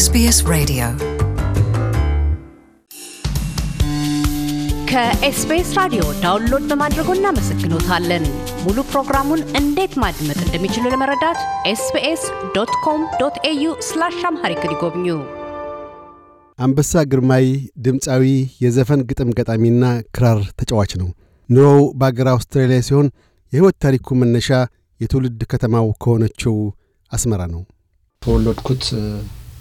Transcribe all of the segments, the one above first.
ኤስቢኤስ Radio ከኤስቢኤስ ራዲዮ ዳውንሎድ በማድረጎ እናመሰግኖታለን። ሙሉ ፕሮግራሙን እንዴት ማድመጥ እንደሚችሉ ለመረዳት ኤስቢኤስ ዶት ኮም ዶት ኤዩ ስላሽ አምሃሪክ ይጎብኙ። አንበሳ ግርማይ ድምፃዊ፣ የዘፈን ግጥም ገጣሚና ክራር ተጫዋች ነው። ኑሮው በአገር አውስትራሊያ ሲሆን የሕይወት ታሪኩ መነሻ የትውልድ ከተማው ከሆነችው አስመራ ነው። ተወለድኩት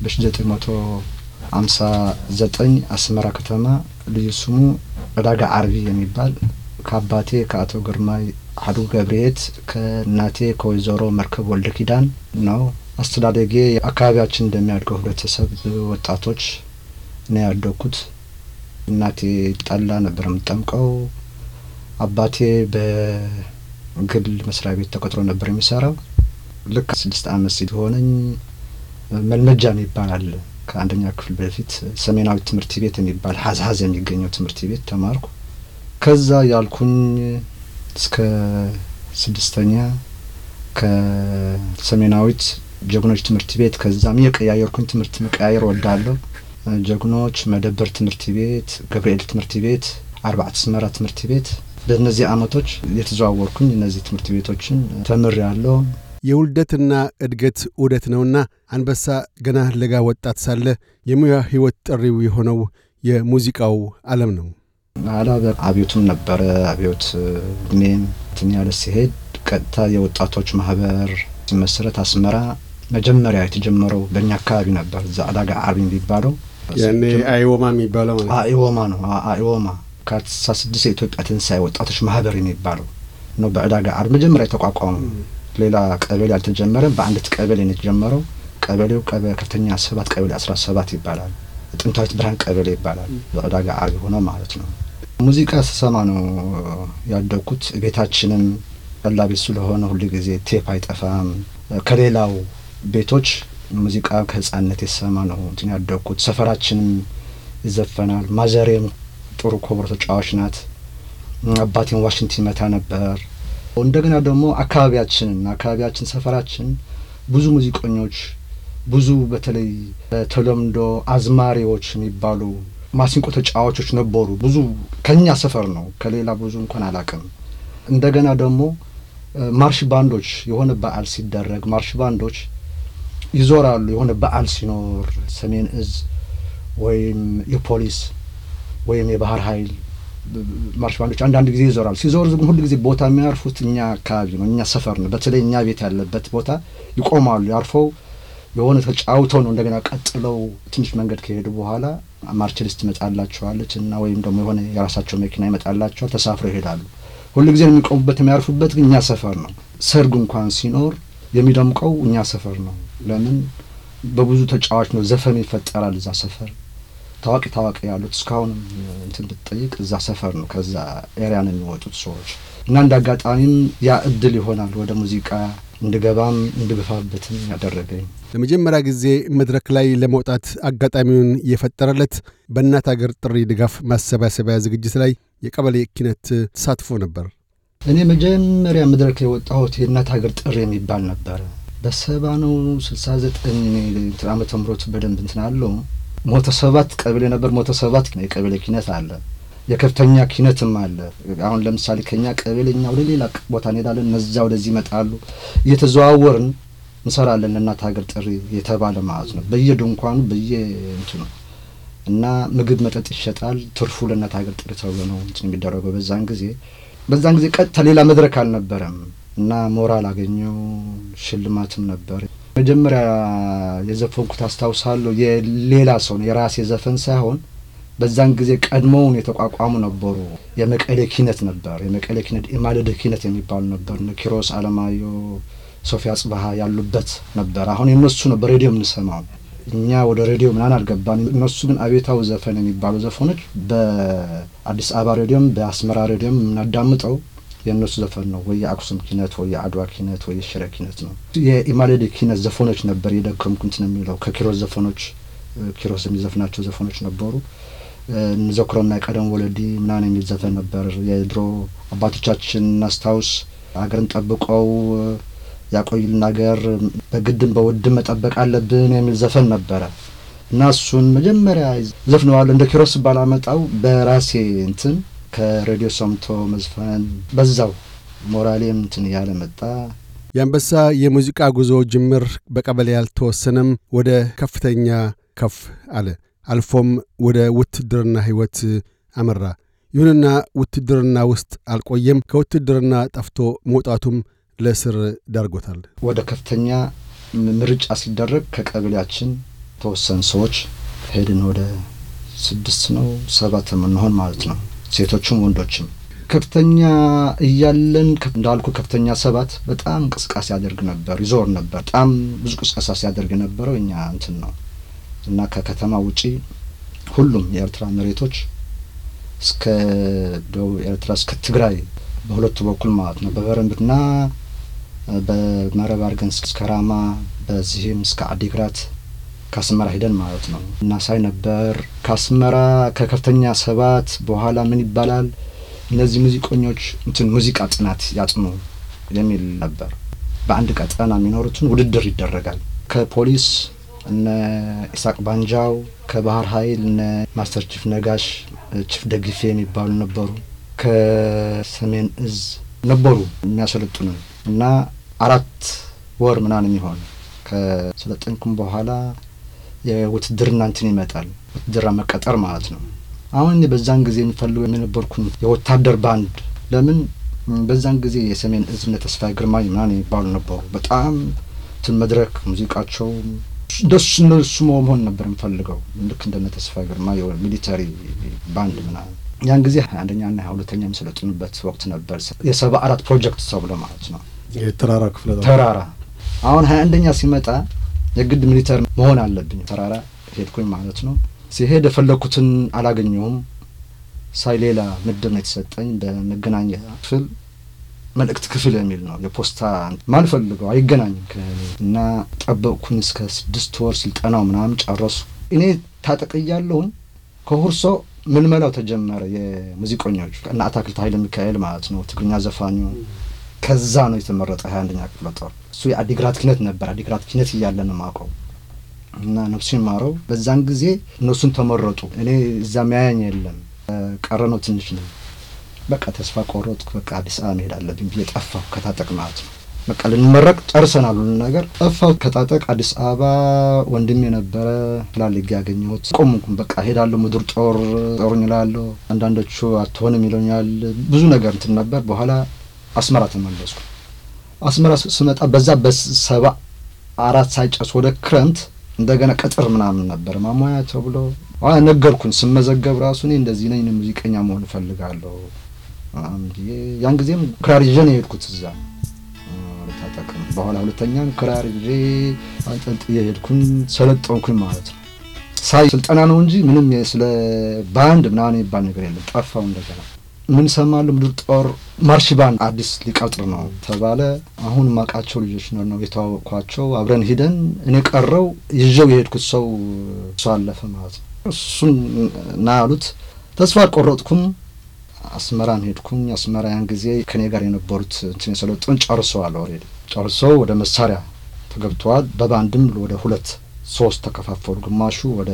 በ1959 አስመራ ከተማ ልዩ ስሙ ዕዳጋ አርቢ የሚባል ከአባቴ ከአቶ ግርማይ አሐዱ ገብርኤት ከእናቴ ከወይዘሮ መርከብ ወልደ ኪዳን ነው። አስተዳደጌ አካባቢያችን እንደሚያድገው ህብረተሰብ ወጣቶች ነው ያደኩት። እናቴ ጠላ ነበር የምጠምቀው። አባቴ በግል መስሪያ ቤት ተቀጥሮ ነበር የሚሰራው። ልክ ስድስት አመት ሲሆነኝ መልመጃ ይባላል። ከአንደኛ ክፍል በፊት ሰሜናዊ ትምህርት ቤት የሚባል ሀዝሀዝ የሚገኘው ትምህርት ቤት ተማርኩ። ከዛ ያልኩኝ እስከ ስድስተኛ ከሰሜናዊት ጀግኖች ትምህርት ቤት ከዛም የቀያየርኩኝ ትምህርት መቀያየር ወዳለሁ። ጀግኖች መደበር ትምህርት ቤት፣ ገብርኤል ትምህርት ቤት፣ አርባዕት አስመራ ትምህርት ቤት በእነዚህ አመቶች የተዘዋወርኩኝ እነዚህ ትምህርት ቤቶችን ተምሬያለሁ። የውልደትና እድገት ዑደት ነውና አንበሳ ገና ለጋ ወጣት ሳለ የሙያ ሕይወት ጥሪው የሆነው የሙዚቃው ዓለም ነው። አላበ አብዮቱም ነበረ። አብዮት እድሜም እንትን ያለ ሲሄድ ቀጥታ የወጣቶች ማህበር ሲመሰረት አስመራ መጀመሪያ የተጀመረው በእኛ አካባቢ ነበር። እዛ አዳጋ አርቢ የሚባለው ያኔ አይወማ የሚባለው አይወማ ነው። አይወማ ከአስራ ስድስት የኢትዮጵያ ትንሳኤ ወጣቶች ማህበር የሚባለው ነው። በአዳጋ አርብ መጀመሪያ የተቋቋሙ ሌላ ቀበሌ አልተጀመረም። በአንዲት ቀበሌ ነው የተጀመረው። ቀበሌው ከፍተኛ ሰባት ቀበሌ አስራ ሰባት ይባላል። ጥንታዊት ብርሃን ቀበሌ ይባላል። በዕዳጋ አርቢ ሆነ ማለት ነው። ሙዚቃ ስሰማ ነው ያደግኩት። ቤታችንም ጠላ ቤት ስለሆነ ሁሉ ጊዜ ቴፕ አይጠፋም። ከሌላው ቤቶች ሙዚቃ ከህፃነት የሰማ ነው እንትን ያደግኩት። ሰፈራችንም ይዘፈናል። ማዘሬም ጥሩ ኮብሮ ተጫዋች ናት። አባቴን ዋሽንት ይመታ ነበር። እንደገና ደግሞ አካባቢያችንና አካባቢያችን ሰፈራችን ብዙ ሙዚቀኞች ብዙ በተለይ በተለምዶ አዝማሪዎች የሚባሉ ማሲንቆ ተጫዋቾች ነበሩ። ብዙ ከኛ ሰፈር ነው፣ ከሌላ ብዙ እንኳን አላቅም። እንደገና ደግሞ ማርሽ ባንዶች የሆነ በዓል ሲደረግ ማርሽ ባንዶች ይዞራሉ። የሆነ በዓል ሲኖር ሰሜን እዝ ወይም የፖሊስ ወይም የባህር ኃይል ማርሽ ባንዶች አንዳንድ ጊዜ ይዞራሉ። ሲዞር ግን ሁሉ ጊዜ ቦታ የሚያርፉት እኛ አካባቢ ነው፣ እኛ ሰፈር ነው። በተለይ እኛ ቤት ያለበት ቦታ ይቆማሉ። ያርፈው የሆነ ተጫውተው ነው እንደገና ቀጥለው ትንሽ መንገድ ከሄዱ በኋላ ማርች ሊስት ትመጣላቸዋለች እና ወይም ደግሞ የሆነ የራሳቸው መኪና ይመጣላቸዋል። ተሳፍረው ይሄዳሉ። ሁሉ ጊዜ የሚቆሙበት የሚያርፉበት ግን እኛ ሰፈር ነው። ሰርግ እንኳን ሲኖር የሚደምቀው እኛ ሰፈር ነው። ለምን? በብዙ ተጫዋች ነው። ዘፈን ይፈጠራል እዛ ሰፈር ታዋቂ ታዋቂ ያሉት እስካሁን እንትን ብትጠይቅ እዛ ሰፈር ነው ከዛ ኤሪያ ነው የሚወጡት ሰዎች እና እንደ አጋጣሚም ያ እድል ይሆናል ወደ ሙዚቃ እንድገባም እንድገፋበትም ያደረገኝ። ለመጀመሪያ ጊዜ መድረክ ላይ ለመውጣት አጋጣሚውን የፈጠረለት በእናት አገር ጥሪ ድጋፍ ማሰባሰቢያ ዝግጅት ላይ የቀበሌ ኪነት ተሳትፎ ነበር። እኔ መጀመሪያ መድረክ የወጣሁት የእናት ሀገር ጥሪ የሚባል ነበረ። በሰባ ነው ስልሳ ዘጠኝ ዓመተ ምህረት በደንብ እንትን አለው ሞተ ሰባት ቀበሌ ነበር። ሞተ ሰባት የቀበሌ ኪነት አለ፣ የከፍተኛ ኪነትም አለ። አሁን ለምሳሌ ከኛ ቀበሌ እኛ ወደ ሌላ ቦታ እንሄዳለን፣ እነዛ ወደዚህ ይመጣሉ። እየተዘዋወርን እንሰራለን። ለእናት ሀገር ጥሪ የተባለ ማለት ነው። በየድንኳኑ በየእንትኑ እና ምግብ መጠጥ ይሸጣል። ትርፉ ለእናት ሀገር ጥሪ ተብሎ ነው እንትን የሚደረገው። በዛን ጊዜ በዛን ጊዜ ቀጥታ ሌላ መድረክ አልነበረም እና ሞራል አገኘው ሽልማትም ነበር። መጀመሪያ የዘፈንኩት አስታውሳለሁ የሌላ ሰው ነው የራሴ ዘፈን ሳይሆን በዛን ጊዜ ቀድሞውን የተቋቋሙ ነበሩ። የመቀሌ ኪነት ነበር የመቀሌ ኪነት የማለደ ኪነት የሚባሉ ነበር። ኪሮስ አለማዮ፣ ሶፊያ ጽባሀ ያሉበት ነበር። አሁን የነሱ ነው በሬዲዮ የምንሰማው። እኛ ወደ ሬዲዮ ምናን አልገባን። እነሱ ግን አቤታዊ ዘፈን የሚባሉ ዘፈኖች በአዲስ አበባ ሬዲዮም በአስመራ ሬዲዮም የምናዳምጠው የእነሱ ዘፈን ነው ወይ የአክሱም ኪነት ወይ የአድዋ ኪነት ወይ የሽረ ኪነት ነው። የኢማሌድ ኪነት ዘፈኖች ነበር የደከምኩንት ነው የሚለው ከኪሮስ ዘፈኖች ኪሮስ የሚዘፍናቸው ዘፈኖች ነበሩ። እንዘክረና የቀደም ወለዲ ምናን የሚል ዘፈን ነበር። የድሮ አባቶቻችን እናስታውስ፣ አገርን ጠብቀው ያቆዩልን ሀገር በግድም በውድም መጠበቅ አለብን የሚል ዘፈን ነበረ እና እሱን መጀመሪያ ዘፍነዋል እንደ ኪሮስ ባላመጣው በራሴ እንትን ከሬዲዮ ሰምቶ መዝፈን በዛው ሞራሌም እንትን እያለ መጣ። የአንበሳ የሙዚቃ ጉዞ ጅምር በቀበሌ ያልተወሰነም ወደ ከፍተኛ ከፍ አለ፣ አልፎም ወደ ውትድርና ሕይወት አመራ። ይሁንና ውትድርና ውስጥ አልቆየም። ከውትድርና ጠፍቶ መውጣቱም ለእስር ዳርጎታል። ወደ ከፍተኛ ምርጫ ሲደረግ ከቀበሌያችን ተወሰኑ ሰዎች ሄድን። ወደ ስድስት ነው ሰባት የምንሆን ማለት ነው። ሴቶችም ወንዶችም ከፍተኛ እያለን እንዳልኩ ከፍተኛ ሰባት በጣም እንቅስቃሴ ያደርግ ነበር፣ ይዞር ነበር። በጣም ብዙ ቅስቀሳ ሲያደርግ የነበረው እኛ እንትን ነው እና ከከተማ ውጪ ሁሉም የኤርትራ መሬቶች እስከ ደቡብ ኤርትራ እስከ ትግራይ በሁለቱ በኩል ማለት ነው በበረንብና በመረብ አድርገን እስከ ራማ በዚህም እስከ አዲግራት ከአስመራ ሄደን ማለት ነው እናሳይ ነበር። ከአስመራ ከከፍተኛ ሰባት በኋላ ምን ይባላል እነዚህ ሙዚቀኞች እንትን ሙዚቃ ጥናት ያጥኑ የሚል ነበር። በአንድ ቀጠና የሚኖሩትን ውድድር ይደረጋል። ከፖሊስ እነ ኢሳቅ ባንጃው፣ ከባህር ኃይል እነ ማስተር ቺፍ ነጋሽ፣ ቺፍ ደግፌ የሚባሉ ነበሩ። ከሰሜን እዝ ነበሩ የሚያሰለጥኑ እና አራት ወር ምናምን የሚሆን ከሰለጠንኩም በኋላ የውትድርና እንትን ይመጣል፣ ውትድርና መቀጠር ማለት ነው። አሁን እኔ በዛን ጊዜ የሚፈልገው የነበርኩን የወታደር ባንድ ለምን በዛን ጊዜ የሰሜን እዝ እነ ተስፋዬ ግርማኝ ምናምን የሚባሉ ነበሩ። በጣም እንትን መድረክ ሙዚቃቸው ደስ እነሱ መሆን ነበር የምፈልገው ልክ እንደነ ተስፋዬ ግርማ ሚሊተሪ ባንድ ምናምን። ያን ጊዜ አንደኛና ና ሁለተኛ የሚሰለጥኑበት ወቅት ነበር። የሰባ አራት ፕሮጀክት ተብሎ ማለት ነው። ተራራ ክፍለ ተራራ አሁን ሀያ አንደኛ ሲመጣ የግድ ሚሊተር መሆን አለብኝ። ተራራ ሄድኩኝ ማለት ነው። ሲሄድ የፈለግኩትን አላገኘሁም። ሳይ ሌላ ምድብ ነው የተሰጠኝ በመገናኛ ክፍል መልእክት ክፍል የሚል ነው። የፖስታ ማንፈልገው አይገናኝም እና ጠበቅኩኝ እስከ ስድስት ወር ስልጠናው ምናምን ጨረሱ። እኔ ታጠቅያለሁኝ ከሁርሶ ምልመላው ተጀመረ። የሙዚቀኞች እና አታክልት ኃይለ ሚካኤል ማለት ነው ትግርኛ ዘፋኙ ከዛ ነው የተመረጠ ሀያ አንደኛ ክፍለ ጦር። እሱ የአዲግራት ኪነት ነበር። አዲግራት ኪነት እያለን ማውቀው እና ነፍሱን ማረው። በዛን ጊዜ እነሱን ተመረጡ። እኔ እዛ ሚያያኝ የለም ቀረ ነው ትንሽ ነው። በቃ ተስፋ ቆረጥኩ። በቃ አዲስ አበባ መሄድ አለብኝ ብዬ ጠፋሁ። ከታጠቅ ማለት ነው በቃ ልንመረቅ ጨርሰናል ሁሉ ነገር ጠፋሁ። ከታጠቅ አዲስ አበባ ወንድም የነበረ ላልግ ያገኘሁት ቆምኩም በቃ ሄዳለሁ፣ ምድር ጦር ጦሩኝ እላለሁ። አንዳንዶቹ አትሆንም ይለኛል። ብዙ ነገር እንትን ነበር በኋላ አስመራ ተመለስኩ። አስመራ ስመጣ በዛ በሰባ አራት ሳይጨርስ ወደ ክረምት እንደገና ቅጥር ምናምን ነበር ማሟያ ተብሎ ነገርኩኝ። ስመዘገብ ራሱ እኔ እንደዚህ ነኝ ሙዚቀኛ መሆን እፈልጋለሁ። ያን ጊዜም ክራር ይዤ ነው የሄድኩት እዛ ታጠቅም። በኋላ ሁለተኛም ክራር ይዤ አንጠልጥዬ ሄድኩኝ፣ ሰለጠንኩኝ ማለት ነው። ሳይ ስልጠና ነው እንጂ ምንም ስለ ባንድ ምናምን የሚባል ነገር የለም። ጠፋው እንደገና ምን ሰማሉ? ልምዱ ጦር ማርሽ ባንድ አዲስ ሊቀጥር ነው ተባለ። አሁን ማቃቸው ልጆች ነው የተዋወቅኳቸው። አብረን ሂደን እኔ ቀረው ይዤው የሄድኩት ሰው እሱ አለፈ ማለት ነው። እሱን ና ያሉት ተስፋ አልቆረጥኩም። አስመራን ሄድኩኝ። አስመራ ያን ጊዜ ከኔ ጋር የነበሩት እንትን የሰለጡን ጨርሰዋል። ኦልሬዲ ጨርሰው ወደ መሳሪያ ተገብተዋል። በባንድም ወደ ሁለት ሶስት ተከፋፈሉ። ግማሹ ወደ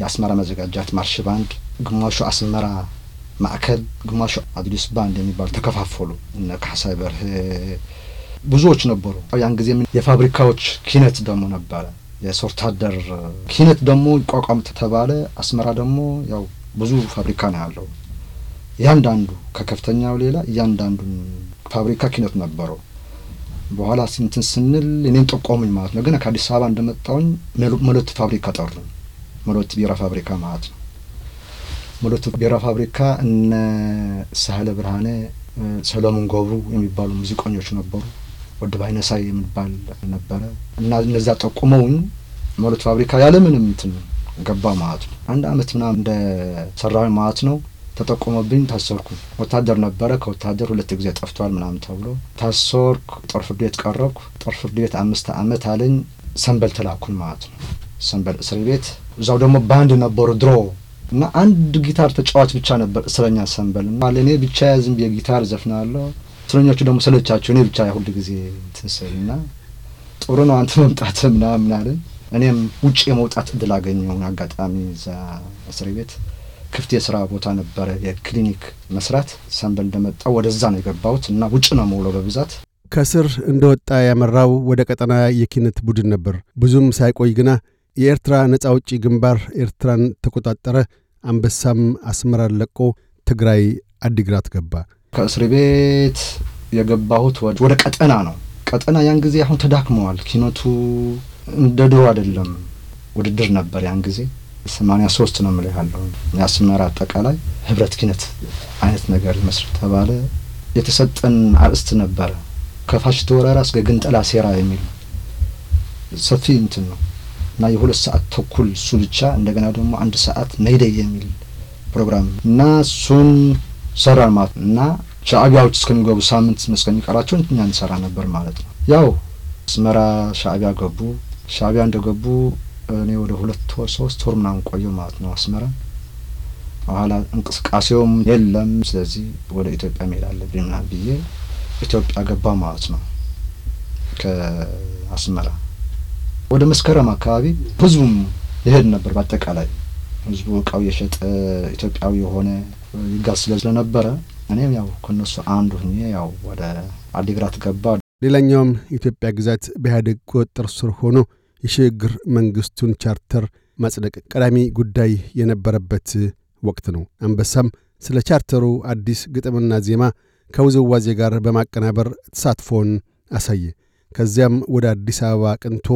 የአስመራ መዘጋጃት ማርሽ ባንድ፣ ግማሹ አስመራ ማእከል ግማሹ አድሊስ ባንድ የሚባል ተከፋፈሉ። እነ ካሳይ በርህ ብዙዎች ነበሩ። ያን ጊዜ የፋብሪካዎች ኪነት ደግሞ ነበረ። የሶርታደር ኪነት ደግሞ ይቋቋም ተባለ። አስመራ ደግሞ ያው ብዙ ፋብሪካ ነው ያለው። እያንዳንዱ ከከፍተኛው ሌላ እያንዳንዱ ፋብሪካ ኪነት ነበረው። በኋላ ስንትን ስንል እኔን ጠቆሙኝ ማለት ነው። ግን ከአዲስ አበባ እንደመጣውኝ መሎት ፋብሪካ ጠሩ። መሎት ቢራ ፋብሪካ ማለት ነው። መሎቱ ቢራ ፋብሪካ እነ ሳህለ ብርሃነ፣ ሰሎሞን ገብሩ የሚባሉ ሙዚቀኞች ነበሩ። ወደ ባይነሳይ የሚባል ነበረ እና እነዛ ጠቁመውኝ መሎቱ ፋብሪካ ያለምንም እንትን ገባ ማለት ነው። አንድ አመት ምናምን እንደ ሰራዊ ማለት ነው። ተጠቆመብኝ፣ ታሰርኩ። ወታደር ነበረ። ከወታደር ሁለት ጊዜ ጠፍቷል ምናምን ተብሎ ታሰርኩ። ጦር ፍርድ ቤት ቀረብኩ። ጦር ፍርድ ቤት አምስት አመት አለኝ። ሰንበል ተላኩን ማለት ነው። ሰንበል እስር ቤት እዛው ደግሞ ባንድ ነበሩ ድሮ እና አንድ ጊታር ተጫዋች ብቻ ነበር እስረኛ ሰንበል እና ለእኔ ብቻ ዝም ጊታር ዘፍናለሁ፣ እስረኞቹ ደግሞ ስለቻቸው እኔ ብቻ ሁል ጊዜ ትንስል እና ጥሩ ነው አንተ መምጣት ምናምን አለን። እኔም ውጭ የመውጣት እድል አገኘውን አጋጣሚ እዛ እስር ቤት ክፍት የስራ ቦታ ነበረ፣ የክሊኒክ መስራት ሰንበል እንደመጣው ወደዛ ነው የገባሁት እና ውጭ ነው መውለው በብዛት ከስር እንደወጣ ያመራው ወደ ቀጠና የኪነት ቡድን ነበር። ብዙም ሳይቆይ ግና የኤርትራ ነጻ አውጪ ግንባር ኤርትራን ተቆጣጠረ። አንበሳም አስመራን ለቆ ትግራይ አዲግራት ገባ። ከእስር ቤት የገባሁት ወደ ቀጠና ነው። ቀጠና ያን ጊዜ አሁን ተዳክመዋል። ኪነቱ እንደ ድሮ አይደለም። ውድድር ነበር ያን ጊዜ ሰማንያ ሶስት ነው የምልህ ያለው የአስመራ አጠቃላይ ህብረት ኪነት አይነት ነገር መስረት ተባለ። የተሰጠን አርእስት ነበረ ከፋሽስት ወረራ እስከ ግንጠላ ሴራ የሚል ሰፊ እንትን ነው እና የሁለት ሰዓት ተኩል እሱ ብቻ እንደገና ደግሞ አንድ ሰዓት መይደይ የሚል ፕሮግራም እና እሱን ሰራን ማለት ነው። እና ሻእቢያዎች እስከሚገቡ ሳምንት እስከሚቀራቸው እኛ እንሰራ ነበር ማለት ነው። ያው አስመራ ሻእቢያ ገቡ። ሻእቢያ እንደገቡ እኔ ወደ ሁለት ወር ሶስት ወር ምናምን ቆየው ማለት ነው አስመራ። በኋላ እንቅስቃሴውም የለም። ስለዚህ ወደ ኢትዮጵያ መሄድ አለብኝ ምናምን ብዬ ኢትዮጵያ ገባ ማለት ነው ከአስመራ ወደ መስከረም አካባቢ ህዝቡም ይሄድ ነበር። በአጠቃላይ ህዝቡ እቃው የሸጠ ኢትዮጵያዊ የሆነ ይጋዝ ስለነበረ እኔም ያው ከነሱ አንዱ ሁኜ ያው ወደ አዲግራት ገባ። ሌላኛውም ኢትዮጵያ ግዛት በኢህአዴግ ቁጥጥር ስር ሆኖ የሽግግር መንግስቱን ቻርተር ማጽደቅ ቀዳሚ ጉዳይ የነበረበት ወቅት ነው። አንበሳም ስለ ቻርተሩ አዲስ ግጥምና ዜማ ከውዝዋዜ ጋር በማቀናበር ተሳትፎን አሳየ። ከዚያም ወደ አዲስ አበባ ቅንቶ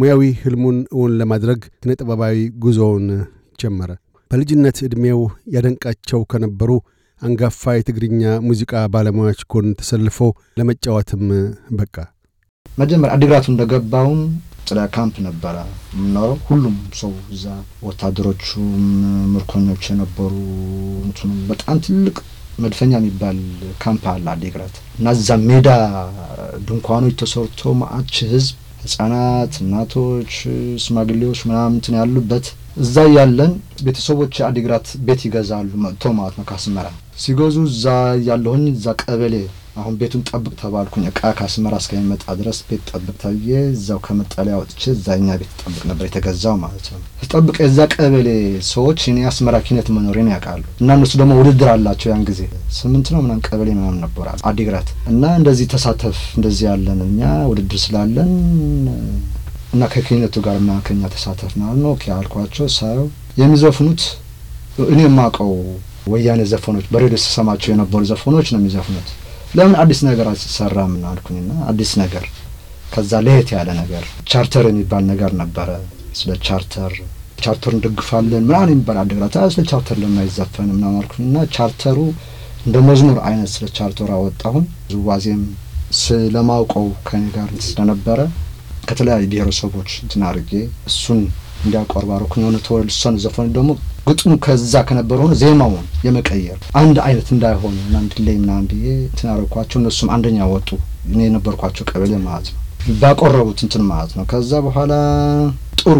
ሙያዊ ህልሙን እውን ለማድረግ ጥበባዊ ጉዞውን ጀመረ። በልጅነት ዕድሜው ያደንቃቸው ከነበሩ አንጋፋ የትግርኛ ሙዚቃ ባለሙያዎች ጎን ተሰልፎ ለመጫወትም በቃ። መጀመሪያ አዲግራቱ እንደገባውም ጥላ ካምፕ ነበረ የምኖረው። ሁሉም ሰው እዛ ወታደሮቹም፣ ምርኮኞች የነበሩ እንትኑም በጣም ትልቅ መድፈኛ የሚባል ካምፕ አለ አዲግራት እና እዛ ሜዳ ድንኳኖች ተሰርቶ ማአች ህዝብ ህጻናት፣ እናቶች፣ ሽማግሌዎች ምናምንትን ያሉበት እዛ ያለን ቤተሰቦች አዲግራት ቤት ይገዛሉ መጥቶ ማለት ነው። ካስመራ ሲገዙ እዛ ያለሁን እዛ ቀበሌ አሁን ቤቱን ጠብቅ ተባልኩኝ። እቃ ከአስመራ እስከሚመጣ ድረስ ቤት ጠብቅ ተብዬ እዛው ከመጠለያ ወጥቼ እዛኛ ቤት ጠብቅ ነበር የተገዛው ማለት ነው። ጠብቅ የዛ ቀበሌ ሰዎች እኔ አስመራ ኪነት መኖሬን ያውቃሉ እና እነሱ ደግሞ ውድድር አላቸው። ያን ጊዜ ስምንት ነው ምናምን ቀበሌ ምናምን ነበር አዲግራት እና እንደዚህ ተሳተፍ እንደዚህ ያለን እኛ ውድድር ስላለን እና ከኪነቱ ጋር ማከኛ ተሳተፍ ማለት ነው አልኳቸው። ሳየው የሚዘፍኑት እኔ የማውቀው ወያኔ ዘፈኖች በሬዲዮ ስሰማቸው የነበሩ ዘፈኖች ነው የሚዘፍኑት ለምን አዲስ ነገር አልሰራም አልኩኝና አዲስ ነገር ከዛ ለየት ያለ ነገር ቻርተር የሚባል ነገር ነበረ። ስለ ቻርተር ቻርተሩ እንደግፋለን ምናምን የሚባል አደግራት ስለ ቻርተር ለማይዘፈን ምናምን አልኩኝና ቻርተሩ እንደ መዝሙር አይነት ስለ ቻርተሩ አወጣሁን። ዝዋዜም ስለማውቀው ከኔ ጋር ስለነበረ ከተለያዩ ብሔረሰቦች እንትን አድርጌ እሱን እንዲያቆርባረኩኝ የሆነ ተወልሰን ዘፈን ደግሞ ግጥሙ ከዛ ሆነ ዜማውን የመቀየር አንድ አይነት እንዳይሆኑ እና እንድለይ ምናምን ብዬ ትናረኳቸው እነሱም አንደኛ ወጡ። እኔ የነበርኳቸው ቀበሌ ማለት ነው ባቆረቡት እንትን ማለት ነው። ከዛ በኋላ ጥሩ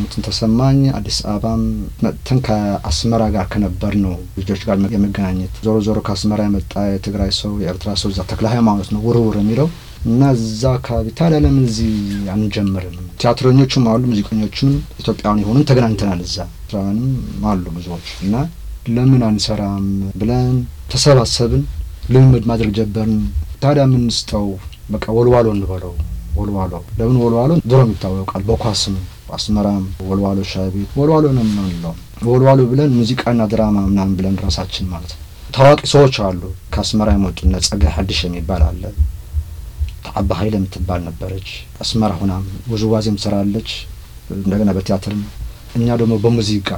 እንትን ተሰማኝ። አዲስ አበባም መጥተን ከአስመራ ጋር ከነበር ነው ልጆች ጋር የመገናኘት ዞሮ ዞሮ ከአስመራ የመጣ የትግራይ ሰው የኤርትራ ሰው እዛ ተክለ ሃይማኖት ነው ውርውር የሚለው እና እዛ አካባቢ ታዲያ ለምን እዚህ አንጀምርም? ቲያትረኞቹም አሉ፣ ሙዚቀኞቹም ኢትዮጵያውን የሆኑን ተገናኝተናል። እዛ ኤርትራውያንም አሉ ብዙዎች እና ለምን አንሰራም ብለን ተሰባሰብን። ልምምድ ማድረግ ጀበርን። ታዲያ የምንስጠው በቃ ወልዋሎ እንበለው። ወልዋሎ ለምን ወልዋሎ? ድሮም ይታወቃል በኳስም አስመራም ወልዋሎ ሻይ ቤት ወልዋሎ ነው የምንለው። ወልዋሎ ብለን ሙዚቃና ድራማ ምናምን ብለን ራሳችን ማለት ነው። ታዋቂ ሰዎች አሉ ከአስመራ የመጡ እነ ጸጋይ ሐዲሽ የሚባል አለ አባ ኃይለ የምትባል ነበረች። አስመራ ሁናም ውዝዋዜም ትሰራለች፣ እንደገና በቲያትርም። እኛ ደግሞ በሙዚቃ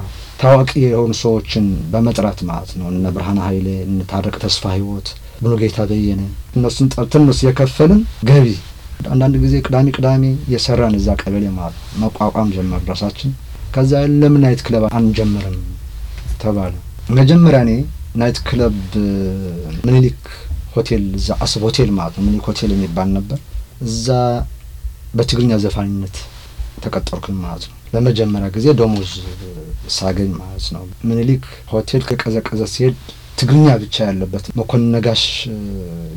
ታዋቂ የሆኑ ሰዎችን በመጥራት ማለት ነው እነ ብርሃነ ኃይሌ፣ እነ ታረቀ ተስፋ ህይወት፣ ጌታ በየነ እነሱን ጠርተን እነሱ የከፈልን ገቢ አንዳንድ ጊዜ ቅዳሜ ቅዳሜ የሰራን እዛ ቀበሌ ማለት መቋቋም ጀመር ራሳችን። ከዛ ለምን ናይት ክለብ አንጀምርም ተባለ። መጀመሪያ እኔ ናይት ክለብ ምኒልክ ሆቴል እዛ አስብ ሆቴል ማለት ነው ምኒልክ ሆቴል የሚባል ነበር። እዛ በትግርኛ ዘፋኝነት ተቀጠርኩኝ ማለት ነው። ለመጀመሪያ ጊዜ ደሞዝ ሳገኝ ማለት ነው። ምኒልክ ሆቴል ከቀዘቀዘ ሲሄድ ትግርኛ ብቻ ያለበት መኮንን ነጋሽ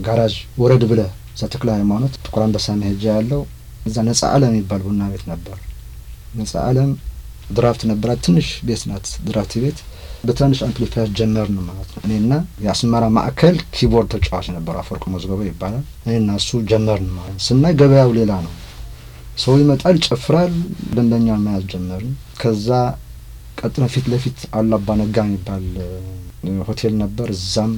ጋራዥ ወረድ ብለ እዛ ተክለ ሃይማኖት ጥቁር አንበሳ መሄጃ ያለው እዛ ነጻ ዓለም የሚባል ቡና ቤት ነበር። ነጻ አለም ድራፍት ነበራት። ትንሽ ቤት ናት ድራፍት ቤት በትንሽ አምፕሊፋየር ጀመርን ማለት ነው። እኔና የአስመራ ማዕከል ኪቦርድ ተጫዋች ነበር አፈወርቅ መዝገበ ይባላል። እኔና እሱ ጀመርን ማለት ስናይ ገበያው ሌላ ነው። ሰው ይመጣል፣ ጨፍራል፣ ደንበኛ መያዝ ጀመርን። ከዛ ቀጥነ ፊት ለፊት አላባ ነጋ የሚባል ሆቴል ነበር። እዛም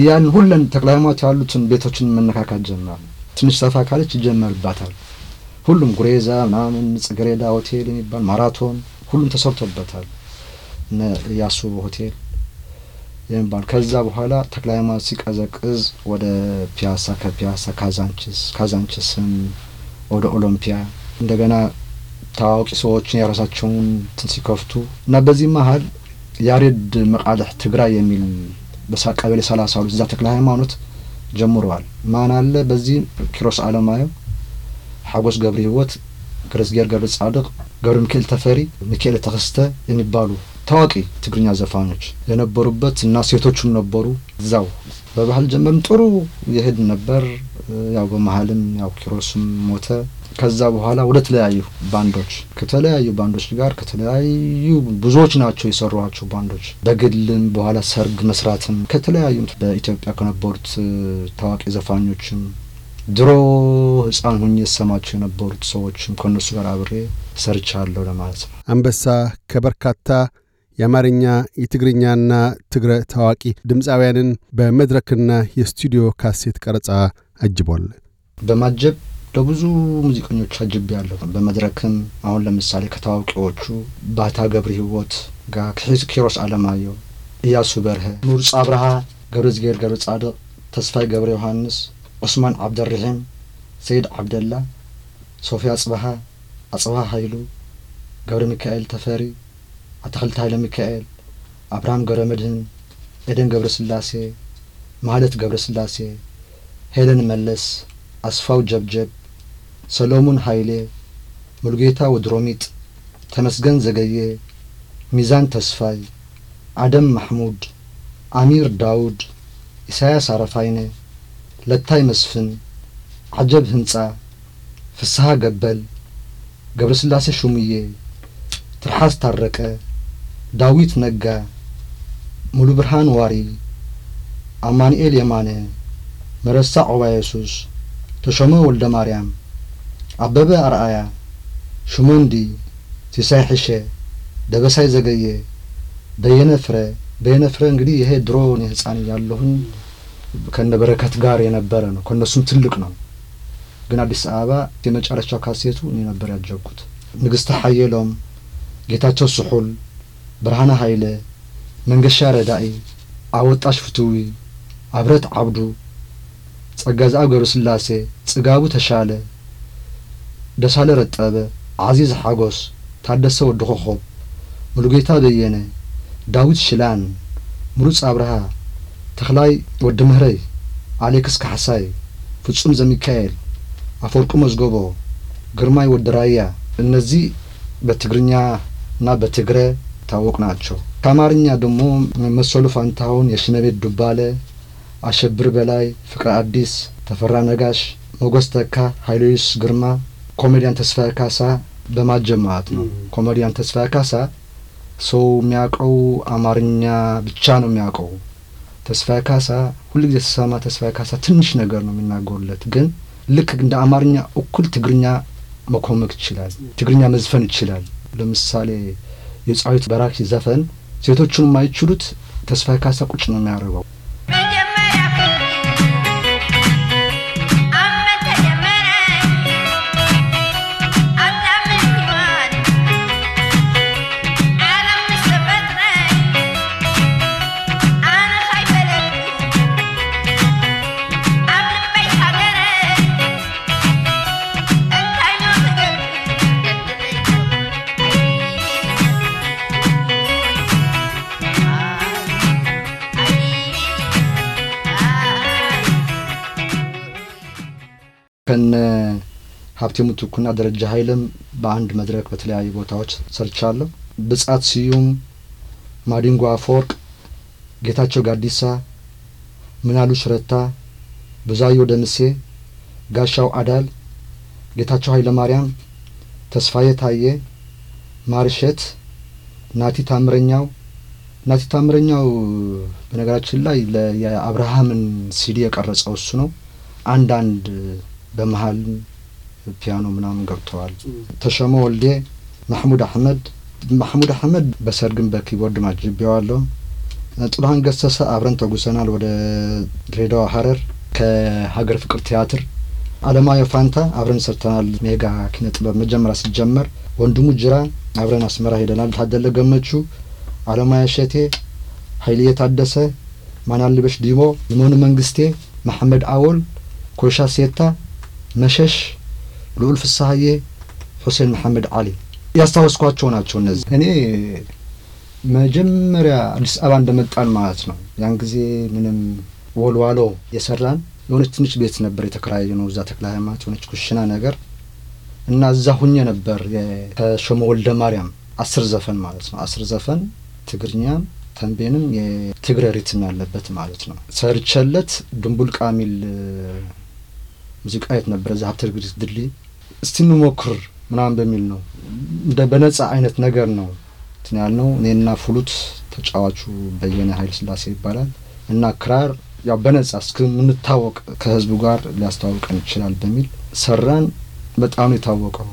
እያን ሁለን ተክለ ሃይማኖት ያሉትን ቤቶችን መነካካት ጀመር። ትንሽ ሰፋ ካለች ይጀመርባታል። ሁሉም ጉሬዛ ምናምን፣ ጽግሬዳ ሆቴል የሚባል ማራቶን፣ ሁሉም ተሰርቶበታል። ያሱቡ ሆቴል የሚባሉ ከዛ በኋላ ተክለ ሃይማኖት ሲቀዘቅዝ ወደ ፒያሳ ከፒያሳ ካዛንችስ ካዛንችስም ወደ ኦሎምፒያ እንደገና ታዋቂ ሰዎችን የራሳቸውን እንትን ሲከፍቱ እና በዚህ መሀል ያሬድ መቃልሕ ትግራይ የሚል በቀበሌ ሰላሳ ሁለት እዛ ተክለ ሃይማኖት ጀምረዋል። ማን አለ? በዚህ ኪሮስ አለማየሁ፣ ሓጎስ ገብረ ህይወት፣ ክርስጌር ገብረ ጻድቅ፣ ገብረ ሚካኤል ተፈሪ፣ ሚካኤል ተክስተ የሚባሉ ታዋቂ ትግርኛ ዘፋኞች የነበሩበት እና ሴቶቹም ነበሩ እዛው። በባህል ጀንበም ጥሩ የሄድ ነበር። ያው በመሀልም ያው ኪሮስም ሞተ። ከዛ በኋላ ወደ ተለያዩ ባንዶች ከተለያዩ ባንዶች ጋር ከተለያዩ ብዙዎች ናቸው የሰሯቸው ባንዶች በግልም በኋላ ሰርግ መስራትም ከተለያዩ በኢትዮጵያ ከነበሩት ታዋቂ ዘፋኞችም ድሮ ህፃን ሁኝ የሰማቸው የነበሩት ሰዎችም ከእነሱ ጋር አብሬ ሰርቻለሁ ለማለት ነው። አንበሳ ከበርካታ የአማርኛ የትግርኛና ትግረ ታዋቂ ድምፃውያንን በመድረክና የስቱዲዮ ካሴት ቀረጻ አጅቧል። በማጀብ ለብዙ ሙዚቀኞች አጅብ ያለሁ በመድረክም አሁን ለምሳሌ ከታዋቂዎቹ ባታ ገብረ ህይወት ጋር ከኪሮስ አለማየሁ፣ እያሱ በርሀ፣ ኑርጻ አብርሃ፣ ገብረ ዝጌር ገብረ ጻድቅ፣ ተስፋይ ገብረ ዮሐንስ፣ ዑስማን ዓብደርሒም፣ ሰይድ ዓብደላ፣ ሶፊያ ጽበሃ፣ አጽባ ኃይሉ፣ ገብረ ሚካኤል ተፈሪ ኣተክልቲ ሃይለ ሚካኤል ኣብርሃም ገብረ መድህን ኤደን ገብረ ስላሴ ማለት ገብረ ስላሴ ሄለን መለስ ኣስፋው ጀብጀብ ሰሎሙን ሃይሌ ሙሉጌታ ወድሮሚጥ ተመስገን ዘገየ ሚዛን ተስፋይ አደም ማሕሙድ አሚር ዳውድ ኢሳያስ አረፋይነ ለታይ መስፍን ዓጀብ ህንፃ ፍስሐ ገበል ገብረ ስላሴ ሹሙዬ ትርሓስ ታረቀ ዳዊት ነጋ፣ ሙሉ ብርሃን ዋሪ፣ አማኑኤል የማነ፣ መረሳ ዖባ የሱስ፣ ተሾመ ወልደ ማርያም፣ አበበ አርአያ፣ ሽሞንዲ፣ ሲሳይ ሕሸ፣ ደበሳይ ዘገየ፣ በየነ ፍረ በየነ ፍረ እንግዲህ ይሄ ድሮ እኔ ሕፃን እያለሁኝ ከነ በረከት ጋር የነበረ ነው። ከእነሱም ትልቅ ነው። ግን አዲስ አበባ የመጨረሻው ካሴቱ እኔ ነበር ያጀብኩት። ንግሥተ ሐየሎም፣ ጌታቸው ስሑል ብርሃነ ኃይለ፣ መንገሻ ረዳኢ፣ ኣወጣሽ ፍትዊ፣ ኣብረት ዓብዱ፣ ጸጋዝኣብ ስላሴ ጽጋቡ ተሻለ፣ ደሳለ ረጠበ፣ ዓዚዝ ሓጎስ፣ ታደሰ ወዲ ኾኾብ፣ ሙሉጌታ በየነ፣ ዳዊት ሽላን፣ ምሩፅ ኣብርሃ፣ ተኽላይ ወዲ ምህረይ፣ ኣሌክስ ካሕሳይ፣ ፍጹም ዘሚካኤል፣ ኣፈወርቁ መዝገቦ፣ ግርማይ ወዲ ራያ እነዚህ በትግርኛ እና በትግረ የሚታወቁ ናቸው። ከአማርኛ ደግሞ መሰሉ ፋንታሁን፣ የሽነቤት ዱባለ፣ አሸብር በላይ፣ ፍቅረ አዲስ፣ ተፈራ ነጋሽ፣ ሞገስ ተካ፣ ሀይሎዩስ ግርማ፣ ኮሜዲያን ተስፋ ካሳ በማጀብ ማለት ነው። ኮሜዲያን ተስፋ ካሳ ሰው የሚያውቀው አማርኛ ብቻ ነው የሚያውቀው። ተስፋ ካሳ ሁልጊዜ ተሰማ ተስፋ ካሳ ትንሽ ነገር ነው የሚናገሩለት፣ ግን ልክ እንደ አማርኛ እኩል ትግርኛ መኮመክ ይችላል። ትግርኛ መዝፈን ይችላል። ለምሳሌ የጻዊት በራኪ ዘፈን ሴቶቹን የማይችሉት ተስፋ ካሳ ቁጭ ነው የሚያደርገው ከነ ሀብቴ ምትኩና ደረጃ ኃይልም በአንድ መድረክ በተለያዩ ቦታዎች ሰርቻለሁ። ብጻት ስዩም፣ ማዲንጎ አፈወርቅ፣ ጌታቸው ጋዲሳ፣ ምናሉ ሽረታ፣ ብዛዩ ደምሴ፣ ጋሻው አዳል፣ ጌታቸው ኃይለማርያም፣ ተስፋዬ ታዬ፣ ማርሸት፣ ናቲ ታምረኛው ናቲ ታምረኛው በነገራችን ላይ የአብርሃምን ሲዲ የቀረጸው እሱ ነው። አንዳንድ በመሀል ፒያኖ ምናምን ገብተዋል። ተሸመ ወልዴ፣ ማሕሙድ አሕመድ ማሕሙድ አሕመድ በሰርግም በኪቦርድ ማጅቤዋለሁ። ጥሩሃን ገሰሰ አብረን ተጉሰናል ወደ ድሬዳዋ፣ ሀረር ከሀገር ፍቅር ቲያትር አለማየሁ ፋንታ አብረን ሰርተናል። ሜጋ ኪነ ጥበብ መጀመሪያ ሲጀመር ወንድሙ ጅራ አብረን አስመራ ሄደናል። ታደለ ገመቹ፣ አለማየሁ ሸቴ፣ ኃይልዬ ታደሰ፣ ማናልበሽ ዲሞ፣ ሊሞኑ መንግስቴ፣ መሐመድ አወል፣ ኮሻ ሴታ መሸሽ ልዑል ፍስሐዬ፣ ሁሴን መሐመድ አሊ ያስታወስኳቸው ናቸው። እነዚህ እኔ መጀመሪያ አዲስ አበባ እንደመጣን ማለት ነው። ያን ጊዜ ምንም ወልዋሎ የሰራን የሆነች ትንሽ ቤት ነበር የተከራየ ነው። እዛ ተክለ ሃይማኖት የሆነች ኩሽና ነገር እና እዛ ሁኜ ነበር ከሾመ ወልደ ማርያም አስር ዘፈን ማለት ነው። አስር ዘፈን ትግርኛም ተንቤንም የትግረሪትም ያለበት ማለት ነው ሰርቸለት ድንቡል ቃሚል። ሙዚቃ የት ነበረ እዛ ሀብተር ግሪስ ድል እስቲ እንሞክር ምናምን በሚል ነው እንደ በነጻ አይነት ነገር ነው እንትን ያልነው። እኔና ፍሉት ተጫዋቹ በየነ ሀይል ስላሴ ይባላል እና ክራር ያው በነጻ እስከምንታወቅ ከህዝቡ ጋር ሊያስተዋውቀን ይችላል በሚል ሰራን። በጣም ነው የታወቀው።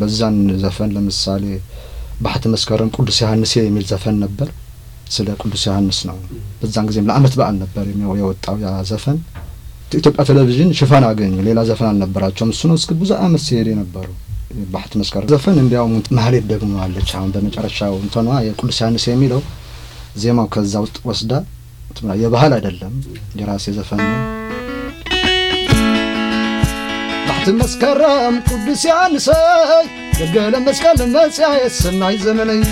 በዛን ዘፈን ለምሳሌ ባህት መስከረም ቅዱስ ዮሐንስ የሚል ዘፈን ነበር። ስለ ቅዱስ ዮሐንስ ነው። በዛን ጊዜም ለአመት በዓል ነበር የወጣው ያ ዘፈን። ኢትዮጵያ ቴሌቪዥን ሽፋን አገኙ። ሌላ ዘፈን አልነበራቸውም። እሱ ነው እስከ ብዙ አመት ሲሄድ የነበረው ባህት መስቀር ዘፈን። እንዲያውም ማህሌት ደግሞ አለች። አሁን በመጨረሻው እንትኗ የቅዱስ ያንስ የሚለው ዜማው ከዛ ውስጥ ወስዳ የባህል አይደለም የራሴ ዘፈን ነው። ባህት መስከረም ቅዱስ ዮሐንሰይ ደገለ መስቀል መጽአየ ሰናይ ዘመነኝ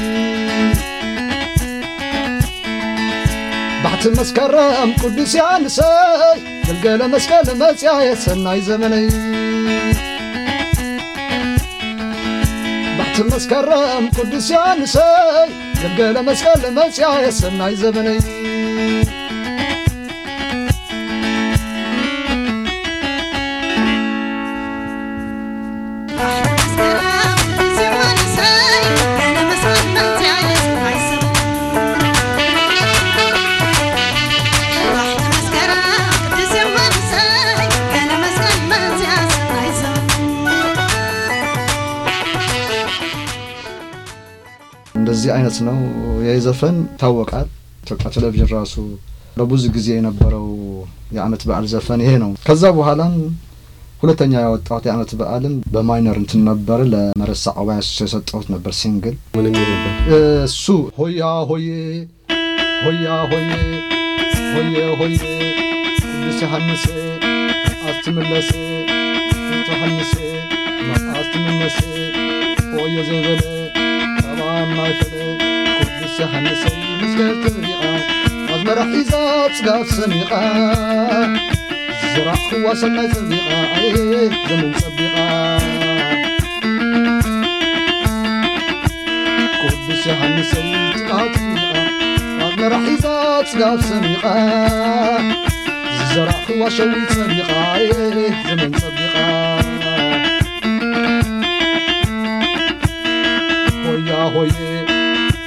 ባህት መስከረም ቅዱስ ዮሐንሰይ ገልገለ መስቀል መጽያ የሰናይ ዘመነይ ባት መስከረም ቅዱስ ያንሰይ ገልገለ መስቀል መጽያ የሰናይ ዘመነይ አይነት ነው። ይህ ዘፈን ይታወቃል። ኢትዮጵያ ቴሌቪዥን ራሱ ለብዙ ጊዜ የነበረው የአመት በዓል ዘፈን ይሄ ነው። ከዛ በኋላም ሁለተኛ ያወጣሁት የአመት በዓልም በማይነር እንትን ነበር። ለመረሳ አባያስ የሰጠሁት ነበር ሲንግል ምንም እሱ ሆያ ሆዬ ሆያ ሆዬ ሆዬ ሆዬ ቅዱስ ዮሐንስ ቅዱስ ዮሐንስ አትመለስ ሆየ ዘይበለ ማሰብ ኩብሳ ሃነሰይ መስቀል ትርኢቓ ኣዝመራ ሒዛ ጽጋፍ ሰሚቓ ዝራእኽዋ ሰናይ ጽቢቓ ኣየ ዘመን ጸቢቓ ኩብስ ዮሃንሰይ ጽቓት ኒቓ ኣዝመራ ሒዛ ጽጋፍ ሰሚቓ ዝዘራእኽዋ ሸዊት ሰሚቓ ኣየ ዘመን ጸቢቓ hoye,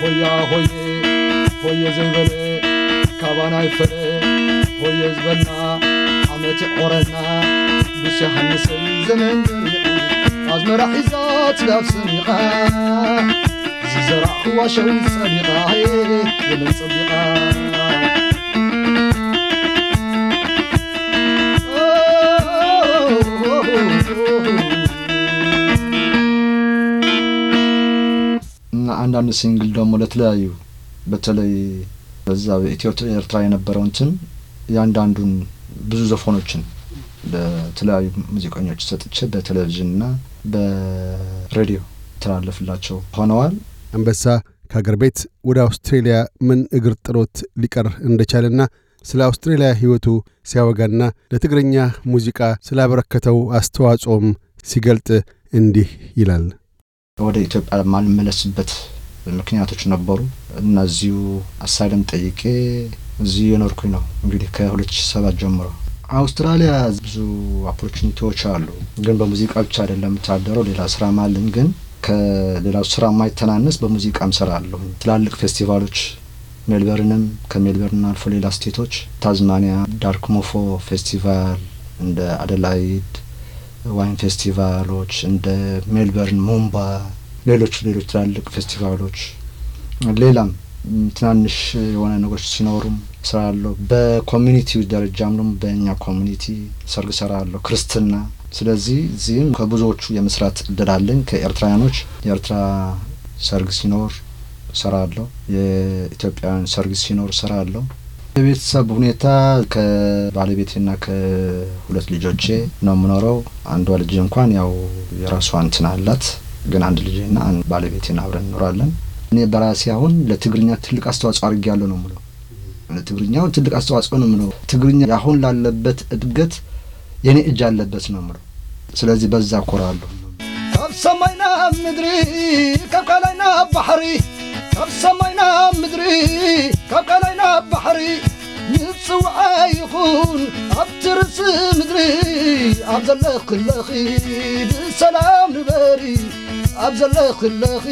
hoya hoye, hoye zevere, kabanay fere, hoye zverna, ameti orena, bişe hannesi zemen از مرحزات لابسن يقع زرع وشوي صديقة يمن sabiqa. አንዳንድ ሲንግል ደግሞ ለተለያዩ በተለይ በዛ በኢትዮ ኤርትራ የነበረው እንትን የአንዳንዱን ብዙ ዘፈኖችን ለተለያዩ ሙዚቀኞች ሰጥቼ በቴሌቪዥንና በሬዲዮ ተላለፍላቸው ሆነዋል። አንበሳ ከአገር ቤት ወደ አውስትሬልያ ምን እግር ጥሎት ሊቀር እንደቻለና ስለ አውስትሬልያ ሕይወቱ ሲያወጋና ለትግረኛ ሙዚቃ ስላበረከተው አስተዋጽኦም ሲገልጥ እንዲህ ይላል። ወደ ኢትዮጵያ ማልመለስበት ምክንያቶች ነበሩ። እነዚሁ አሳይለም ጠይቄ እዚሁ የኖርኩኝ ነው እንግዲህ ከሁለት ሺ ሰባት ጀምሮ። አውስትራሊያ ብዙ ኦፖርቹኒቲዎች አሉ፣ ግን በሙዚቃ ብቻ አይደለም የምታደረው። ሌላ ስራም አለኝ፣ ግን ከሌላ ስራ የማይተናነስ በሙዚቃም ስራ አለሁ። ትላልቅ ፌስቲቫሎች ሜልበርንም፣ ከሜልበርን አልፎ ሌላ ስቴቶች ታዝማኒያ ዳርክሞፎ ፌስቲቫል እንደ አደላይድ ዋይን ፌስቲቫሎች እንደ ሜልበርን፣ ሙምባ ሌሎች ሌሎች ትላልቅ ፌስቲቫሎች ሌላም ትናንሽ የሆነ ነገሮች ሲኖሩም ስራ አለው። በኮሚኒቲው ደረጃም ደግሞ በእኛ ኮሚኒቲ ሰርግ ሰራ አለው፣ ክርስትና። ስለዚህ እዚህም ከብዙዎቹ የመስራት እድል አለኝ። ከኤርትራውያኖች የኤርትራ ሰርግ ሲኖር ስራ አለው፣ የኢትዮጵያውያን ሰርግ ሲኖር ስራ አለው። የቤተሰብ ሁኔታ ከባለቤቴና ከሁለት ልጆቼ ነው የምኖረው። አንዷ ልጅ እንኳን ያው የራሷ እንትን አላት ግን አንድ ልጅና ባለቤቴን አብረን እንኖራለን። እኔ በራሴ አሁን ለትግርኛ ትልቅ አስተዋጽኦ ያለው ነው ምለው። ለትግርኛው ትልቅ አስተዋጽኦ ነው ምለው ትግርኛ አሁን ላለበት እድገት የኔ እጅ አለበት ነው ምለው። ስለዚህ በዛ ኮራሉ ካብ ሰማይና ምድሪ ካብ ካልይና ባሕሪ ካብ ሰማይና ምድሪ ካብ ካላይና ባሕሪ ንፅውዓ ይኹን ኣብ ትርስ ምድሪ ኣብ ዘለኽለኺ ብሰላም ንበሪ ኣብ ዘለኽ ለኺ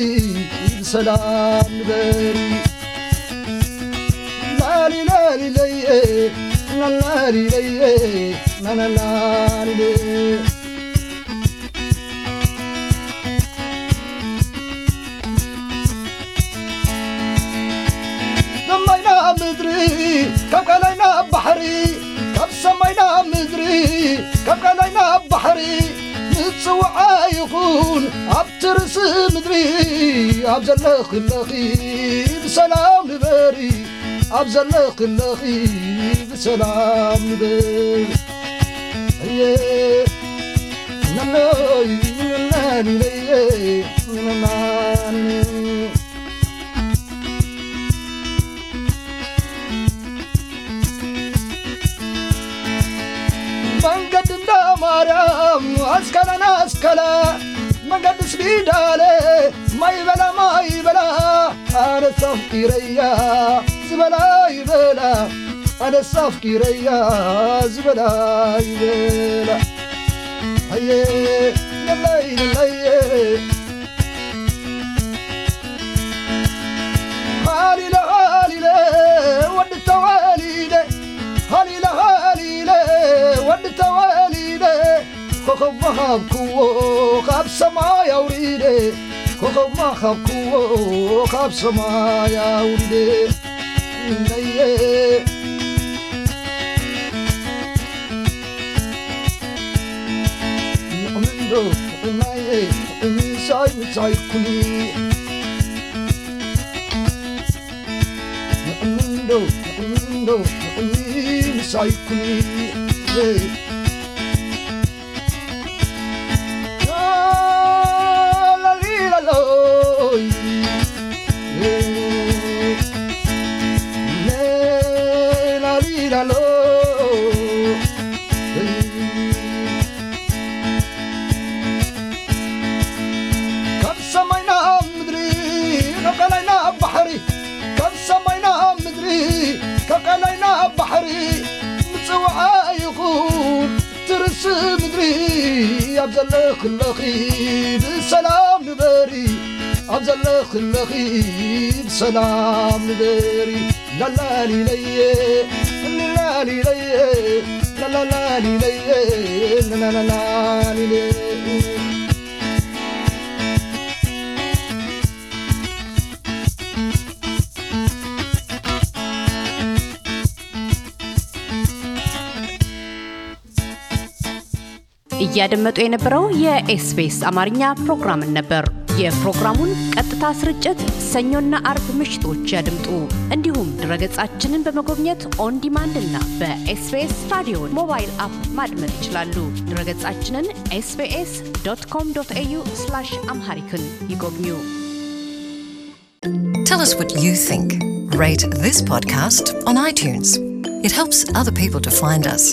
ብሰላም ንበሪ ላሊላሊለይአ ናናሊለይአ ናናናሊለ ደማይና ምድሪ ካብ ቃላይና ባሕሪ ካብ ሰማይና ምድሪ ካብ ቃላይና ባሕሪ እፅውዓ ይኹን ኣብቲ ርእሲ ምድሪ ኣብ ዘለኽለኺ ብሰላም ንበሪ ኣብ ዘለኽለኺ ብሰላም ንበሪ እየ ነነይ ነናኒነየ ነና አስከለና አስከለ መንገድስ ቢዳለ ማይበላ ማይበላ አነሳፍ ኪረያ ዝበላ ይበላ አነሳፍ ኪረያ ዝበላ ይበላ አየ ለላይ ለላየ ሃሊለ ሃሊለ ወድተዋሊለ ሃሊለ ሃሊለ ወድተዋ كوكب مخابكو خاب سما يا وريدي كوكب مخابكو خاب سما يا وريدي نؤمن دو نايه نؤمن ساي متاي كلي نؤمن دو نؤمن دو نؤمن ساي كلي ኣብ ዘለኽለኺ ብሰላም ንበሪ ኣብ ዘለኽለኺ ብሰላም ንበሪ ላላሊለየ ላላሊለየ ላላሊለየ ላላሊለየ እያደመጡ የነበረው የኤስቢኤስ አማርኛ ፕሮግራምን ነበር። የፕሮግራሙን ቀጥታ ስርጭት ሰኞና አርብ ምሽቶች ያድምጡ። እንዲሁም ድረገጻችንን በመጎብኘት ኦን ዲማንድ እና በኤስቢኤስ ራዲዮ ሞባይል አፕ ማድመጥ ይችላሉ። ድረገጻችንን ኤስቢኤስ ዶት ኮም ዶት ኤዩ አምሃሪክን ይጎብኙ። Tell us what you think. Rate this podcast on iTunes. It helps other people to find us.